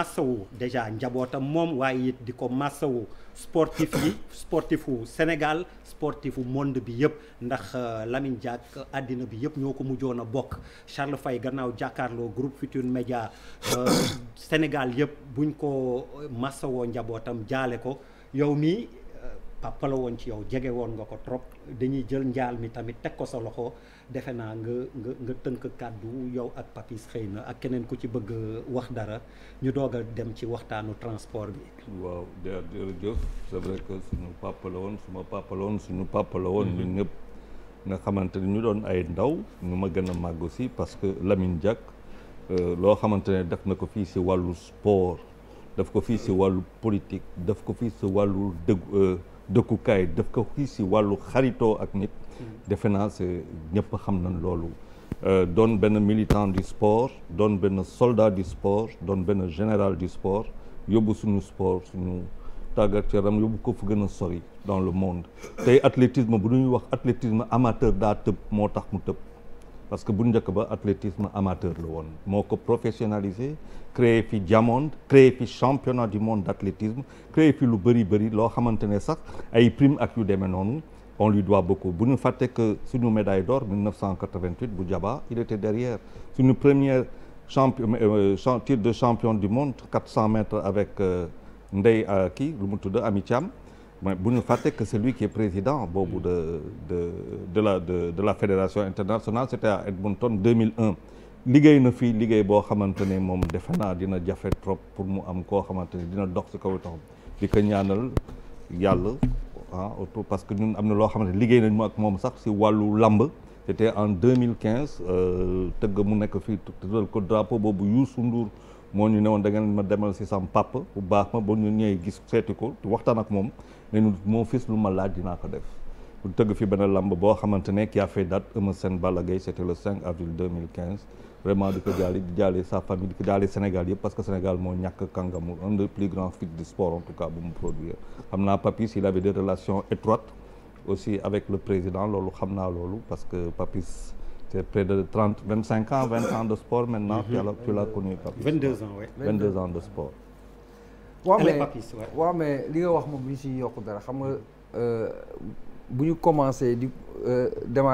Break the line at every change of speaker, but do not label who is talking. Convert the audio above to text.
massawu déjà njabootam moom waaye it di ko massawu sportif yi sportifu Sénégal sportifu monde bi yëpp ndax euh, Lamine Diack àddina bi yëpp ñoo ko mujjoon a bokk Charles Faye gannaaw jàkkaarloo group Futurs Médias euh, Sénégal yëpp buñ ko euh, massawoo njabootam jaale ko yow mi papa woon ci yow jege woon nga ko trop dañuy jël njaal mi tamit teg ko sa loxo defe naa nga nga nga tënk kàddu yow ak papis xëy na ak keneen ku ci bëgg wax dara ñu doog a dem ci waxtaanu transport bi.
waaw jërëjëf c'est vrai que suñu papa la woon suma papa woon suñu papa woon ñun mhm. ñëpp nga xamante ni ñu doon ay ndaw ñu ma gën a màgg si parce que Lamine Diack euh, loo xamante ne def na ko fii si wàllu sport daf ko fii si wàllu politique daf ko fii si wàllu dëgg. Euh, dëkkukaay daf ko xii si wàllu xaritoo ak nit mm. defe naa c'est ñëpp xam nañ loolu euh, don benn militant du sport doon benn soldat du sport doon benn général di sport yóbbu suñu sport suñu tàggat yaram yóbbu ko fu gën a sori dans le monde tey athlétisme bu ñuy wax athlétisme amateur daa tëb moo tax mu tëb parce que bu njëkk ba athlétisme amateur la woon moo ko professionnalisé créé fi diamond créé fi championnat du monde d'athlétisme créé fi lu bëri bëri loo xamante ne sax ay prime ak yu demee noonu on lui doit beaucoup bu ñu fàtte que suñu médaille d'or 1988 bu Jaba il était derrière suñu première champion euh, euh, titre de champion du monde 400 mètres avec euh, Ndey kii lu mu tudd Ami Thiam mais bu ñu fàtte que celui qui est président boobu de de de la de de la fédération internationale c'était à Edmonton 2001 liggéey na fii liggéey boo xamante ne moom defe naa dina jafe trop pour mu am koo xamante ne dina dox ci kaw taxam di ko ñaanal yàlla ah autour parce que ñun am na loo xamante ne liggéey nañ mu ak moom sax si wàllu làmb c'était en 2015 euh, tëgg mu nekk fii tuddal ko drapeau boobu Youssou Ndour moo ñu ne woon da ngeen ma demal si sam papa bu baax ma ba ñu ñëwee gis seeti ko waxtaan ak moom ne ñu moo fis lu ma laaj dinaa ko def bu tëgg fi benn lamb boo xamante ne qui a fait date Eumeu Sène Balla Gaye c'était le 5 avril 2015 vraiment di ko jaale di jaale sa famille di ko jaale Sénégal yëpp parce que Sénégal moo ñàkk kàngamu un plus grands fils du sport en tout cas bu mu produire xam naa Papis il avait des relations étroites aussi avec le président loolu xam naa loolu parce que Papis c'est près de trente vingt cinq ans vingt ans de sport maintenant. tu li
nga wax moom bu ñu si yokk dara xam nga uh, bu ñu commencé di uh, démarrer.